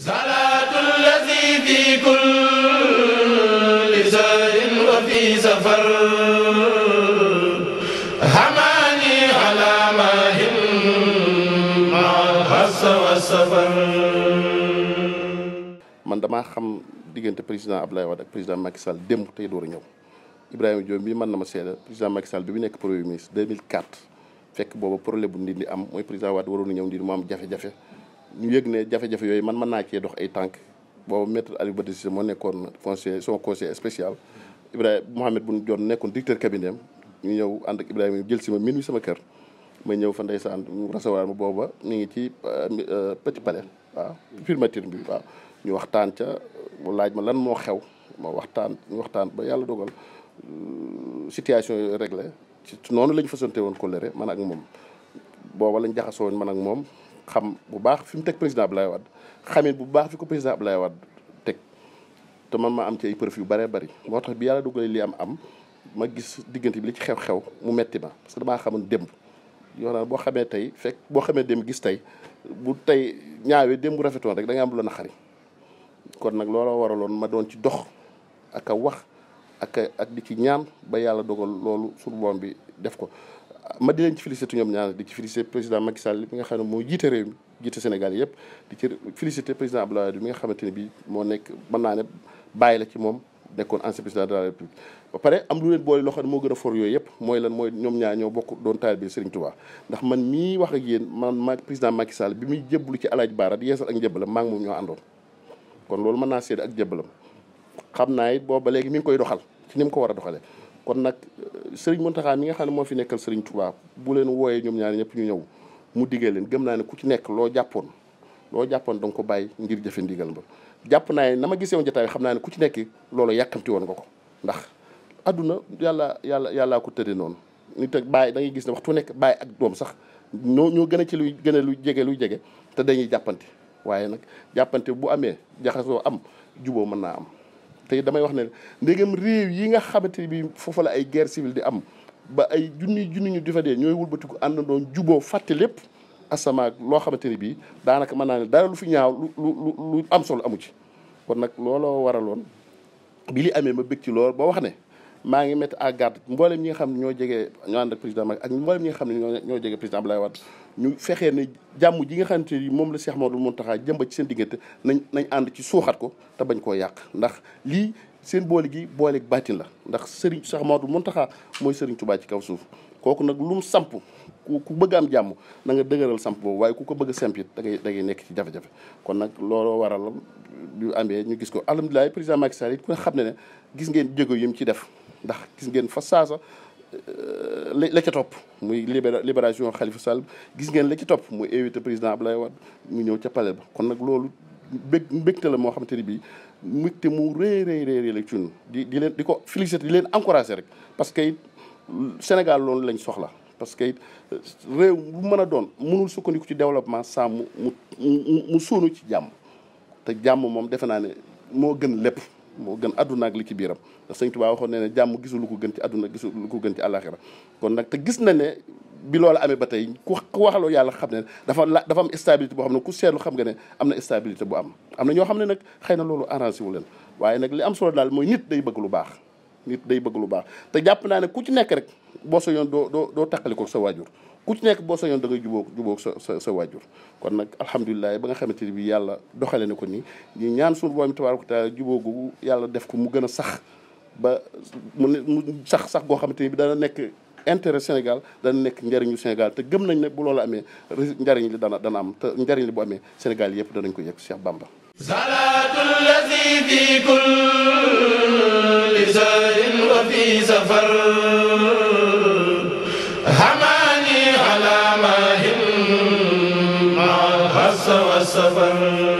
صلاة الذي في كل زار وفي سفر حماني على ماهم مع الحس والسفر man damaa xam diggante président Abdoulaye Wade ak président Macky Sall démb tey door a ñëw Ibrahima Diop bi mën na ma seede président Macky Sall bi mu nekk premier ministre 2004 fekk booba problème bu Ndindi am mooy président Wade waroon na ñëw Ndindi mu am jafe-jafe ñu yëg ne jafe-jafe yooyu man mën naa cee dox ay tànk boobu maître Aliou Badji moo nekkoon conseiller soo conseiller spécial Ibrahima Mohamed bu ñu joon nekkoon directeur cabinet ñu ñëw ànd ak Ibrahima jël si ma minuit sama kër ma ñëw fa ndeysaan mu recevoir ma booba ñu ngi ci euh, Petit Palais waaw primature bi waaw ñu waxtaan ca mu laaj ma lan moo xew ma waxtaan ñu waxtaan ba yàlla dogal euh, situation yooyu réglé ci noonu la ñu fasante woon rek man ak moom booba lañ jaxasoo woon man ak moom xam bu baax fi mu teg président Abdoulaye Wade xamit bu baax fi ko président Abdoulaye Wade teg te man ma am ci ay preuve yu bëree bari moo tax bi yàlla dugalee li am am ma gis diggante bi li ci xew-xew mu metti ma parce que xamoon démb yoona boo xamee tey fekk boo xamee dem gis tey bu tey ñaawee démb bu rafetoon rek da nga am lu kon nag looloo waraloon ma doon ci dox aka wax ak ak di ci ñaan ba yàlla dogal loolu suñu boom bi def ko ma di leen ci félicité ñoom ñaar di ci félicité président Macky Sall bi nga xam ne moo jiite réew mi jiite Sénégal yëpp di nga xamante ne bii moo nekk mën naa ne bàyyi la ci moom nekkoon ancien président de la République ba pare am lu leen boole loo ne moo gën a for yooyu yëpp mooy lan mooy ñoom ñaar ñoo bokk doon taalibe Serigne Touba ndax man mii wax ak yéen man ma président Macky Sall bi muy jébbalu ci alaaj Baara di yeesal ak njëbbalam maa ngi moom ñoo àndoon kon loolu mën naa seede ak njëbbalam xam naa it booba léegi mi ngi koy doxal ci ni mu ko war a doxalee kon nag euh, Serigne Mountakha mi nga xam ne moo fi nekkal Serigne Touba bu leen wooyee ñoom ñaar ñëpp ñu ñëw mu diggee leen gëm naa ne ku ci nekk loo jàppoon loo jàppoon da nga ko bàyyi ngir jëfe ndigal ba jàpp naa ne na ma gisee woon jotaay xam naa ne ku ci nekk loolu yàkkamti woon nga ko ndax adduna yàlla yàlla yàllaa ko tëddee noonu nit ak bàyyi da ngay gis ne waxtu nekk bàyyi ak doom sax ñoo ñoo gën a ci luy gën a luy jege luy jege te dañuy jàppante waaye nag jàppante bu amee jaxasoo am juboo mën naa am tey damay wax ne ndégam réew yi nga xamante bi foofu la ay guerre civile di am ba ay junni junni ñu di fa dee ñooy wëlbatiku àndandoon juboo fàtte lépp asamaak loo xamante ni bii daanaka mën naa ne dara lu fi ñaaw lu lu lu am solo amu ci kon nag loolo waraloon bi li amee ma bëgg ci lool boo wax ne maa ngi mettre à garde mboolem ñi xam ne ñoo jege ñoo ànd ak président Macky ak ñi xam ne ñoo ñoo jege président Abdoulaye Wade ñu fexee ne jàmm ji nga xamante ni moom la Cheikh Mamadou Mountakha jëmba ci seen diggante nañ nañ ànd ci suuxat ko te bañ koo yàq ndax lii seen boole gi booleeg baatin la ndax Serigne Cheikh Mamadou Mountakha mooy Serigne Touba ci kaw suuf kooku nag lu mu samp ku bëgg am jàmm na nga dëgëral samp boobu waaye ku ko bëgg a samp it nekk ci jafe-jafe kon looloo waral ñu amee ñu gis ko alhamdulilah président Macky Sall it ku xam ne ne gis ngeen jéego yi mu ci def ndax gis ngeen fa saasa euh, la ca topp muy libération Khalifa Sall gis ngeen la ci topp muy éviter président Abdoulaye Wade mu ñëw ca palais ba kon nag loolu bég mbégte la moo xamante ni bii mbégte mu rëy rëy rëy la di di leen di ko féliciter leen encourager rek parce que it Sénégal loolu lañ soxla parce que it euh, réew mu mën a doon munul sukkandiku ci développement sans mu mu suunu ci jàmm te jàmm moom defe naa ne moo gën lépp moo gën àdduna ak li ci biiram te sëñ Tuubaa waxoon ne ne jàmm gisul lu ko gën ci àdduna gisul lu ko gën ci àllaaxira kon nag te gis na ne bi loolu amee ba tey ku waxaloo yàlla xam ne dafa la dafa am stabilité boo xam ne ku seetlu xam nga ne am na stabilité bu am am na ñoo xam ne nag xëy na loolu arrangé wu leen waaye nag li am solo daal mooy nit day bëgg lu baax nit day bëgg lu baax te jàpp naa ne ku ci nekk rek boo sa doo doo doo ko sa waajur ku ci nekk boo sañoon da ngay jubóog jubóog sa sa sa waajur kon nag ba nga xamante bi yàlla doxale na ko ni ñu ñaan suñu borom tabaaraka taala jubóogu yàlla def ko mu gën a sax ba mu ne mu sax sax boo xamante ni bi dana nekk intérêt Sénégal dana nekk njariñu Sénégal te gëm nañ ne bu loolu amee njariñ li dana dana am te njariñ li bu amee Sénégal yëpp danañ ko yëg Cheikh Bamba salaatul lazi fi kulli sahrin wa fi safar والعسى والسفر